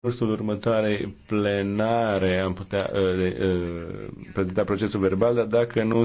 cursul următoare plenare am putea uh, uh, prezenta procesul verbal, dar dacă nu